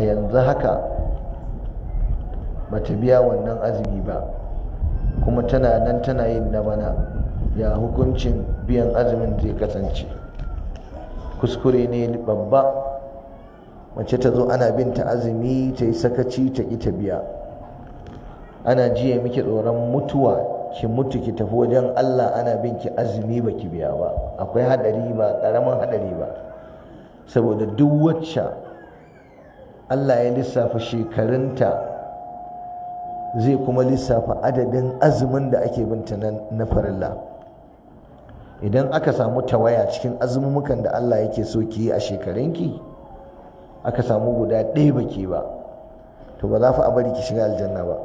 a yanzu haka bata biya wannan azumi ba kuma tana nan tana yin na bana ya hukuncin biyan azumin zai kasance kuskure ne babba mace ta zo ana bin ta azumi ta yi sakaci ta ki ta biya ana jiya miki tsoron mutuwa ki mutu ki tafi wajen Allah ana bin ki azumi ba ki biya ba akwai hadari ba karamin hadari ba saboda duk wacce Allah ya lissafa shekarunta zai kuma lissafa adadin azumin da ake binta na farilla idan aka samu tawaya cikin azumumukan da Allah yake so ki yi a shekarunki aka samu guda ɗaya ba ke ba to ba za fa a bari ki shiga aljanna ba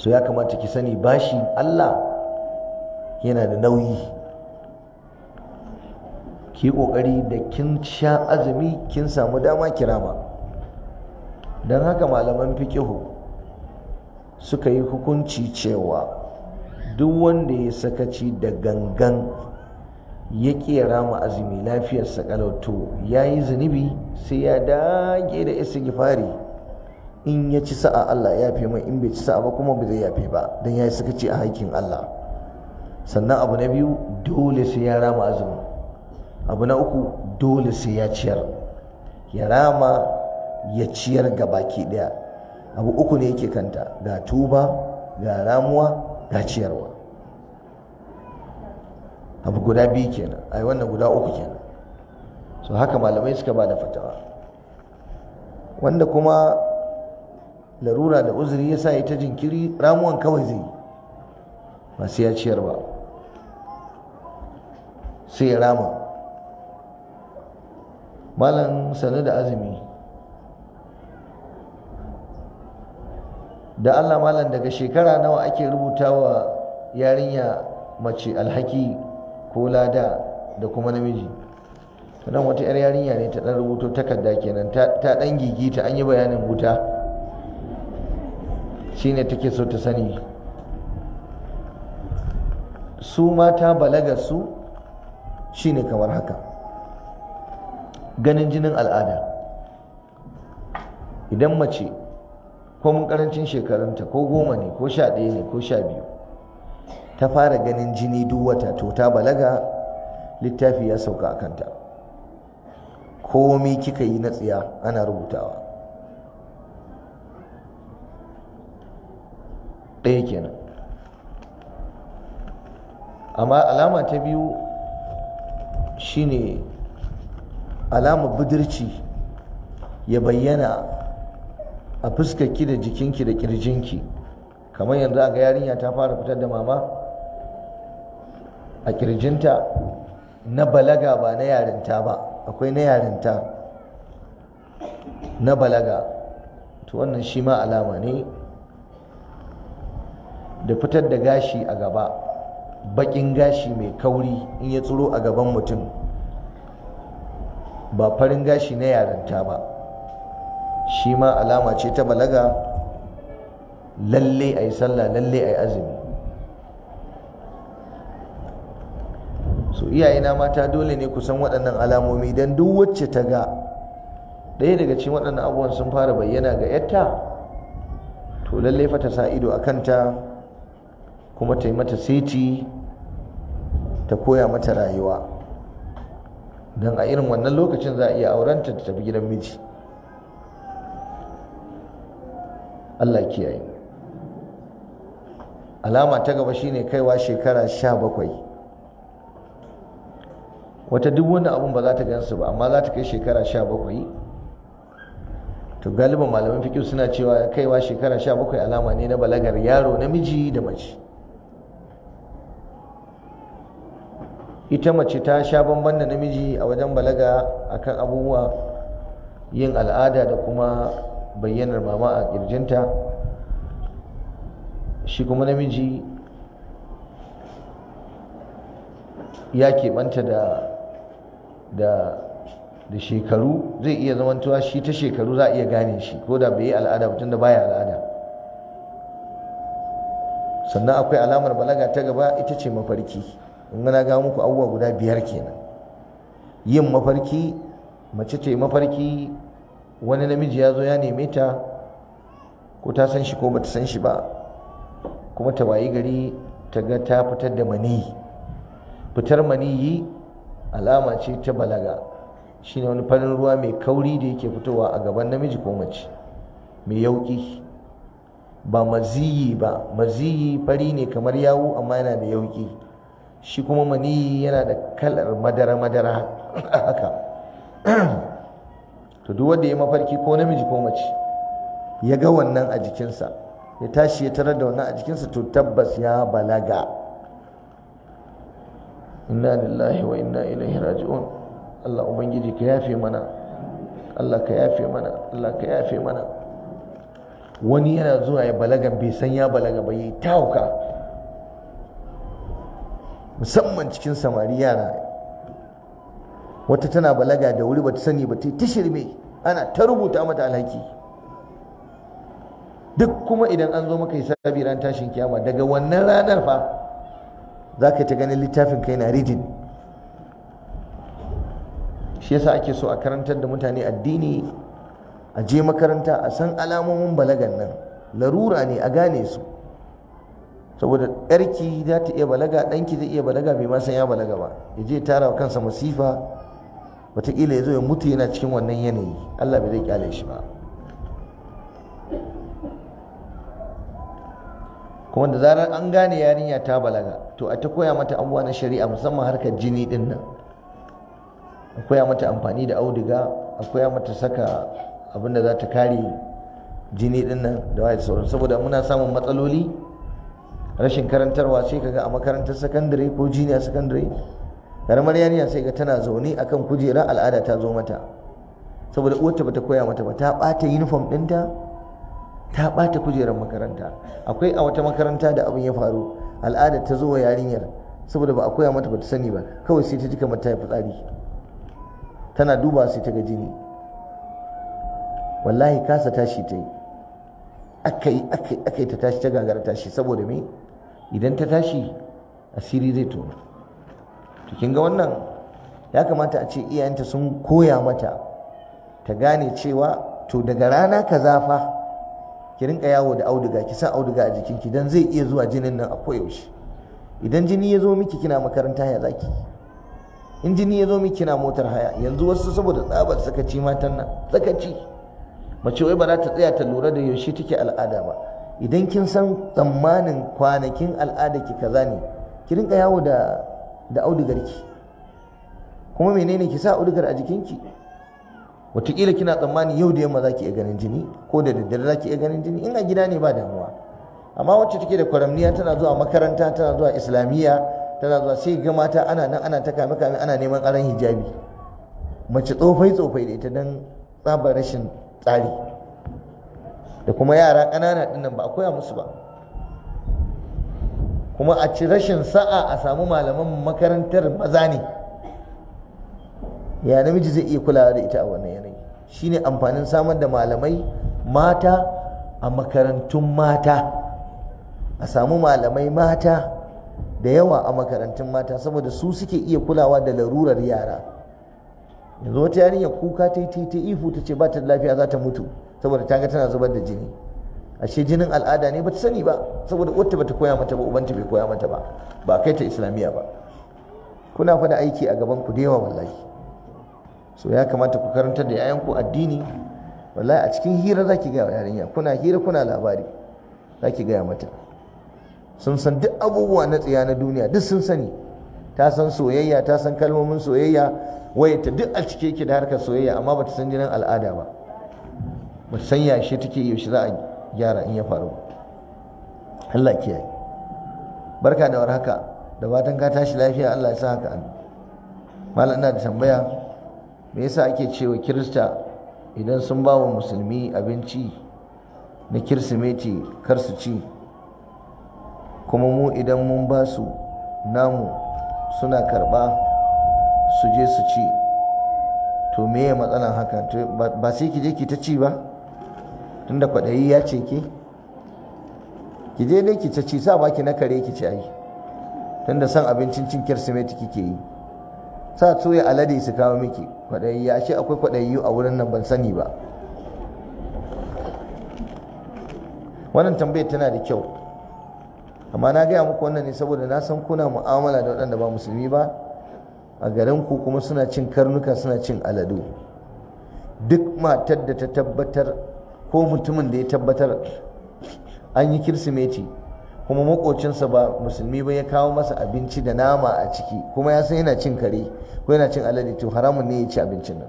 so ya kamata ki sani bashi Allah yana da nauyi ki ƙoƙari da kin sha azumi kin samu dama kirama don haka malaman fiqihu suka yi hukunci cewa duk wanda ya sakaci da gangan ya kera ma azumi lafiyarsa kalauto ya yi zunubi sai ya dage da istighfari in ya ci sa'a Allah ya fi mai in bai ci sa'a ba kuma bai zai yafe ba don ya yi sakaci a haikin Allah sannan abu na biyu dole sai ya rama azumi. abu na uku dole sai ya ciyar ya rama ya ciyar ga baki daya abu uku ne yake kanta ga tuba ga ramuwa ga ciyarwa abu guda biyu kenan ai wannan guda uku kenan so haka malamai suka ba da fatawa wanda kuma larura da uzuri ya sa yi ta jinkiri ramuwan kawai zai yi. ya ciyar ba sai ya rama malam sanu da azumi da Allah malam daga shekara nawa ake rubuta wa yarinya mace alhaki ko lada da kuma namiji nan wata yar yarinya ne ta dan rubuto takarda kenan ta dan gigita an yi bayanin wuta shine take so ta sani su mata balagar su shine kamar haka ganin jinin al'ada idan mace ko mun karancin shekarunta ko goma ne ko sha ɗaya ne ko sha biyu ta fara ganin jini duk wata to ta balaga littafi ya sauka a kanta komi kika yi na tsiya ana rubutawa ɗaya kenan amma alama ta biyu shine alama budurci ya bayyana a fuskarki da jikinki da kirjinki kamar yanzu a ga yarinya ta fara fitar da mama a kirjinta na balaga ba na yarinta ba akwai na yarinta na balaga to wannan shi ma alama ne da fitar da gashi a gaba bakin gashi mai kauri in ya tsiro a gaban mutum ba farin gashi na yaranta ba shi ma alama ce ta balaga lalle a yi sallah lalle a yi azumi so iyayena mata dole ne kusan waɗannan alamomi don duk wacce ta ga ɗaya daga cikin waɗannan abubuwan sun fara bayyana ga yatta to lalle fa ta sa ido a kanta kuma ta yi mata seti ta koya mata rayuwa don a irin wannan lokacin za a iya aurenta ta tafi gidan miji Allah kiyaye alama ta gaba shine kaiwa shekara sha bakwai wata duk wani abun ba za ta gansu ba amma za ta kai shekara sha bakwai to galiban malaman fikir suna cewa kaiwa shekara sha bakwai alama ne na balagar yaro namiji da mace ita mace ta sha bamban da namiji a wajen balaga akan abubuwa yin al'ada da kuma bayyanar mama a kirjinta shi kuma namiji ya keɓanta da da da shekaru zai iya zamantowa shi ta shekaru za a iya gane shi ko da bai yi al'ada mutum da baya al'ada sannan akwai alamar balaga ta gaba ita ce mafarki in ga muku abubuwa guda biyar kenan yin mafarki mace ce mafarki wani namiji ya zo ya neme ta ko ta san shi ko ba ta san shi ba kuma ta wayi gari ta ga ta fitar da maniyi fitar maniyi alama ce ta balaga shine wani farin ruwa mai kauri da yake fitowa a gaban namiji ko mace mai yauki ba maziyi ba maziyi fari ne kamar yawo, amma yana da yauki shi kuma mani yana da kalar madara madara haka to duk wanda ya mafarki ko namiji ko mace ya ga wannan a jikinsa ya tashi ya tarar da wannan a jikinsa to tabbas ya balaga inna lillahi wa inna ilaihi raji'un Allah ubangiji ka yafe mana Allah ka yafe mana Allah ka yafe mana wani yana zuwa ya balaga bai san ya balaga ba yi tauka musamman cikin samari yara wata tana balaga da wuri bata sani ba ta shirme ana ta rubuta mata alhaki duk kuma idan an zo maka hisabi ran tashin kiyama daga wannan ranar fa za ka ta ganin littafin kai na rijin shi yasa ake so a karantar da mutane addini a je makaranta a san alamomin balagan nan larura ne a gane su saboda yarki za ta iya balaga ɗanki zai iya balaga bai ma san ya balaga ba ya je tara wa kansa masifa wataƙila ya zo ya mutu yana cikin wannan yanayi allah bai zai kyale shi ba kuma da zarar an gane yarinya ta balaga to a ta koya mata abubuwa na shari'a musamman harkar jini din nan a koya mata amfani da auduga a koya mata saka abinda za ta kare jini din nan da waye sauran saboda muna samun matsaloli rashin karantarwa sai kaga a makarantar sakandare ko jiniya sakandare karamar yarinya sai ga tana zaune a kan kujera al'ada ta zo mata saboda uwarta bata koya mata ba ta bata uniform dinta, ta bata kujerar makaranta akwai a wata makaranta da abin ya faru al'ada ta zo wa yarinyar saboda ba a koya mata bata sani ba kawai sai ta ji kamar ta fitsari tana duba sai ta ga jini wallahi kasa tashi ta yi aka yi aka ta tashi ta gagara tashi saboda me idan ta tashi asiri zai tono to kin ga wannan ya kamata a ce iyayenta sun koya mata ta gane cewa to daga rana ka zafa ki rinka yawo da auduga ki sa auduga a jikinki dan zai iya zuwa jinin nan a koyaushe idan jini ya zo miki kina makaranta ya zaki in jini ya zo miki kina motar haya yanzu wasu saboda tsabar sakaci matan nan sakaci mace wai ba za ta tsaya ta lura da yaushe take al'ada ba idan kin san tsammanin kwanakin al'ada ki kaza ne ki rinka yawo da da ki, kuma menene ki sa audugar a jikinki wataƙila kina tsammanin yau da yamma za ki iya ganin jini ko da daddare za ki iya ganin jini in a gida ne ba damuwa amma wacce take da kwaramniya tana zuwa makaranta tana zuwa islamiyya tana zuwa sai ga mata ana nan ana ta kame kame ana neman aran hijabi mace tsofai tsofai da ita don tsabar rashin tsari da kuma yara ƙanana nan ba a koya musu ba kuma a ci rashin sa'a a samu malaman makarantar maza ne ya namiji zai iya kulawa da ita a wannan yanayi shine amfanin samar da malamai mata a makarantun mata a samu malamai mata da yawa a makarantun mata saboda su suke iya kulawa da larurar yara yanzu wata yarinya kuka ta yi ta ihu ta ce ba ta lafiya za ta mutu saboda ta ga tana zubar da jini ashe jinin al'ada ne bata sani ba saboda uwarta bata koya mata ba ubanta bai koya mata ba ba kai ta islamiyya ba kuna fada aiki a gaban ku da yawa wallahi so ya kamata ku karantar da 'ya'yanku addini wallahi a cikin hira zaki ga yarinya kuna hira kuna labari zaki gaya mata sun san duk abubuwa na tsiya na duniya duk sun sani ta san soyayya ta san kalmomin soyayya wayata duk a cike ki da harkar soyayya amma bata san jinin al'ada ba musan san yashe take yaushe za a gyara in ya faru Allah kiyaye barka da warhaka da fatan ka tashi lafiya Allah ya sa haka an malam ina da tambaya me yasa ake cewa kirista idan sun ba wa musulmi abinci na kirsimeti kar su ci kuma mu idan mun ba su namu suna karba su je su ci to me ya matsalan haka ba sai ki je ki ta ci ba tunda kwaɗayi ya ce ke ki je dai ki ci sa baki na kare ki ci ai tunda san abincin cin kirsimeti kike yi sa soya alade su kawo miki kwaɗayi ya ce akwai kwaɗayi a wurin nan ban sani ba wannan tambayar tana da kyau amma na gaya muku wannan ne saboda na san kuna mu'amala da waɗanda ba musulmi ba a garin ku kuma suna cin karnuka suna cin aladu duk matar da ta tabbatar ko mutumin da ya tabbatar an yi kirsimeti kuma makocinsa ba musulmi ba ya kawo masa abinci da nama a ciki kuma ya san yana cin kare ko yana cin alade to haramun ne ya ci abincin nan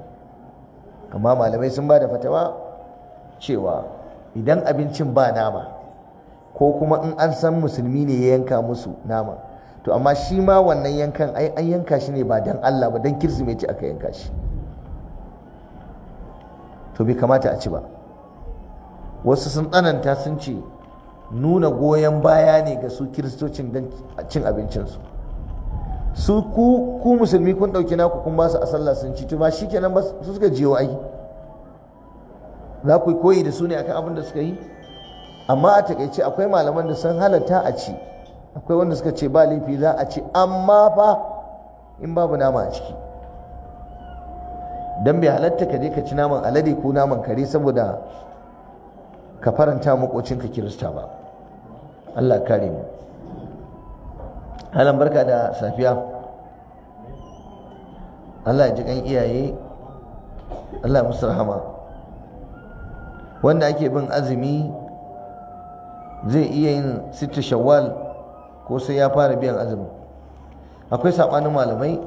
amma malamai sun ba da fatawa cewa idan abincin ba nama ko kuma in an san musulmi ne ya yanka musu nama to amma shi ma wannan yankan ai an yanka shi ne ba dan Allah ba dan kirsimeti aka yanka shi to bai kamata a ci ba wasu sun tsananta sun ce nuna goyon baya ne ga su kiristocin don cin abincinsu su ku musulmi kun ɗauki naku kun ba su a sallah sun ci ba shi kenan su suka je wa ai za ku koyi da su ne akan abin da suka yi amma a takaice akwai malaman da sun halatta a ci akwai wanda suka ce ba laifi za a ci amma fa in babu nama a ciki dan bai halatta ka je ka ci naman alade ko naman kare saboda ka faranta makocinka kirista ba Allah kare mu halan barka da safiya Allah ya ji kan iyaye Allah ya musu rahama wanda ake bin azumi zai iya yin sita shawwal ko sai ya fara biyan azumi akwai saɓanin malamai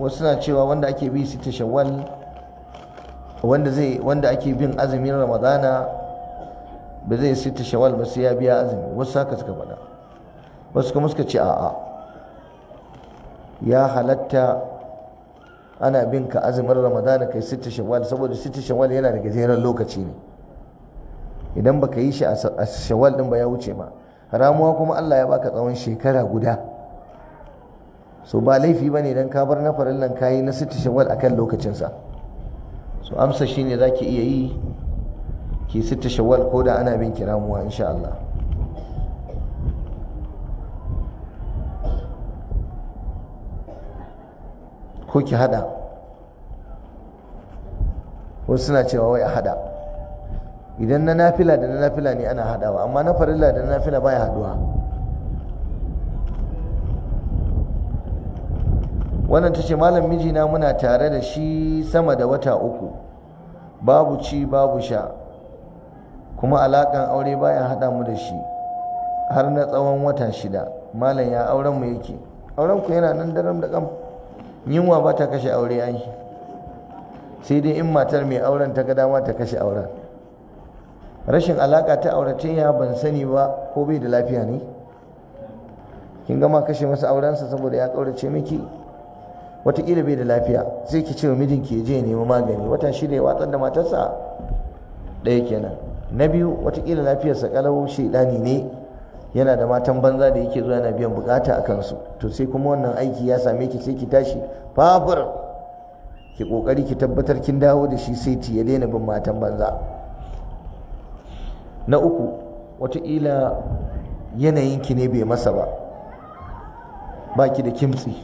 wasu na cewa wanda ake bi sita shawwal wanda zai wanda ake bin azumin ramadana ba zai sai ta shawal ba sai ya biya azumi wasu haka suka faɗa wasu kuma suka ce a'a ya halatta ana bin ka azumin ramadana kai sita shawal saboda sita shawal yana da gajeren lokaci ne idan baka yi shi a shawal din ba ya wuce ma ramuwa kuma Allah ya baka tsawon shekara guda so ba laifi bane idan ka bar na farillan kayi na sita shawal akan lokacin sa so amsa shine zaki iya yi ki sita shawwal ko da ana bin kiramuwa insha Allah ko ki hada wasu suna cewa wai a hada idan na nafila da na nafila ne ana hadawa amma na farilla da na nafila baya haduwa wannan ta ce malam mijina muna tare da shi sama da wata uku babu ci babu sha kuma alaƙan aure baya haɗa mu da shi har na tsawon wata shida malam ya auren mu yake auren ku yana nan daram da kam yunwa ba ta kashe aure an shi sai dai in matar mai auren ta ga dama ta kashe auren rashin alaƙa ta ya ban sani ba ko bai da lafiya ne kin gama kashe masa aurensa saboda ya ƙaurace miki watakila bai da lafiya sai ki ce wa mijinki ya je ya nemi magani wata shida ya watsar da matarsa ɗaya kenan na biyu watakila lafiyarsa kalau shaidani ne yana da matan banza da yake zuwa yana biyan bukata a kansu to sai kuma wannan aiki ya same ki sai ki tashi fafur ki kokari ki tabbatar kin dawo da shi sai ti ya daina bin matan banza na uku watakila ki ne bai masa ba ba ki da kimtsi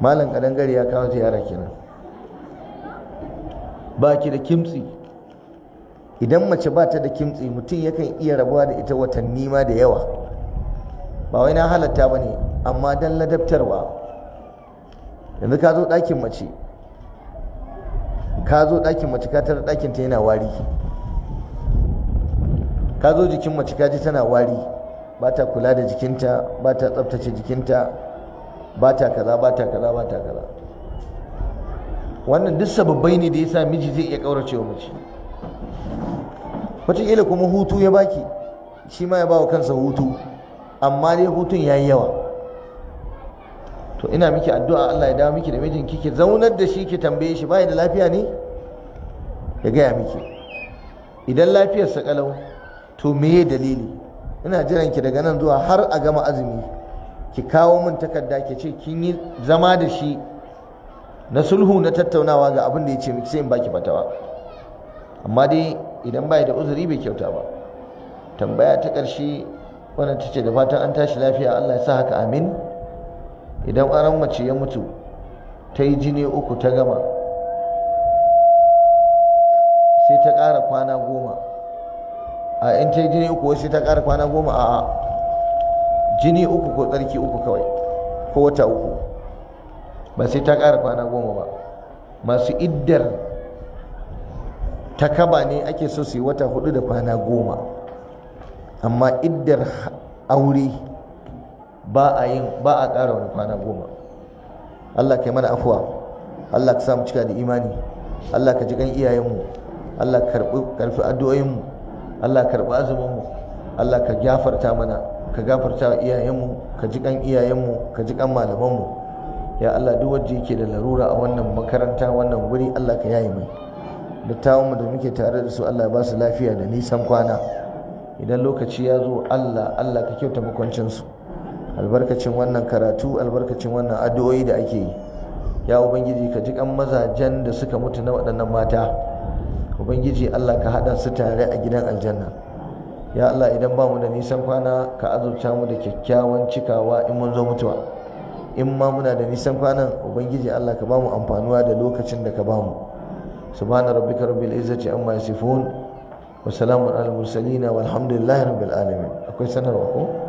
malam kadangare ya kawo ziyara kenan ba ki da kimtsi idan mace ba ta da kimtsi mutum yakan iya rabuwa da ita watanni ma da yawa ba wai na halatta ba ne amma don ladabtarwa yanzu ka zo ɗakin mace ka zo ɗakin mace ka tara ɗakin ta yana wari ka zo jikin mace ka ji tana wari ba ta kula da jikinta ba ta tsabtace jikinta ba ta kaza ba ta kaza ba ta kaza wannan duk sababbai ne da yasa miji zai iya ƙauracewa mace wataƙila kuma hutu ya baki shi ma ya ba wa kansa hutu amma dai hutun ya yi yawa to ina miki addu'a Allah ya dawo miki da mijinki ki zaunar da shi ki tambaye shi bai da lafiya ne ya gaya miki idan lafiyar sa kalau to meye dalili ina jiran ki daga nan zuwa har a gama azumi ki kawo min takarda ki ce kin yi zama da shi na sulhu na tattaunawa ga abin da ya ce miki sai in baki fatawa amma dai idan bai da uzuri bai kyauta ba tambaya ta ƙarshe wannan ta ce da fatan an tashi lafiya Allah ya sa haka amin idan aran mace ya mutu ta yi jini uku ta gama sai ta ƙara kwana goma a in ta yi jini uku sai ta ƙara kwana goma a jini uku ko tsarki uku kawai ko wata uku ba sai ta ƙara kwana goma ba masu iddar ta kaba ne ake so su yi wata hudu da kwana goma amma iddar aure ba a yin ba a ƙara wani kwana goma Allah ka yi mana afuwa Allah ka samu cika da imani Allah ka ji kan iyayenmu Allah ka karfi addu'o'inmu Allah ka karɓi azuminmu Allah ka gafarta mana ka gafarta wa iyayenmu ka ji kan iyayenmu ka ji kan malamanmu ya Allah duk wajen yake da larura a wannan makaranta wannan wuri Allah ka yaye mai mu da muke tare da su Allah ya ba su lafiya da nisan kwana idan lokaci ya zo Allah Allah ka kyauta makwancinsu albarkacin wannan karatu albarkacin wannan addu'o'i da ake yi ya ubangiji ka ji kan mazajen da suka mutu na waɗannan mata ubangiji Allah ka haɗa su tare a gidan aljanna ya Allah idan ba mu da nisan kwana ka azurta mu da kyakkyawan cikawa in mun zo mutuwa in ma muna da nisan kwanan ubangiji Allah ka ba mu amfanuwa da lokacin da ka ba mu subhana rabbika rabbil izzati amma yasifun wa salamun alal mursalin walhamdulillahi rabbil akwai sanarwa ko